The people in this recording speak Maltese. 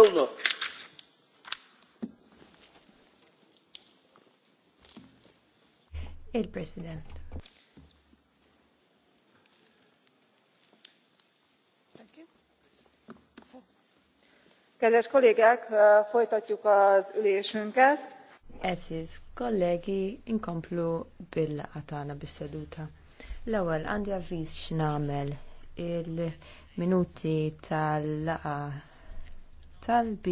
Oh, Il-President. Kedves kollégák, folytatjuk az ülésünket. Esis, kollégi inkomplu bil-qatana bis L-ewwel għandi avviż x'namel il-minuti tal-laqa tal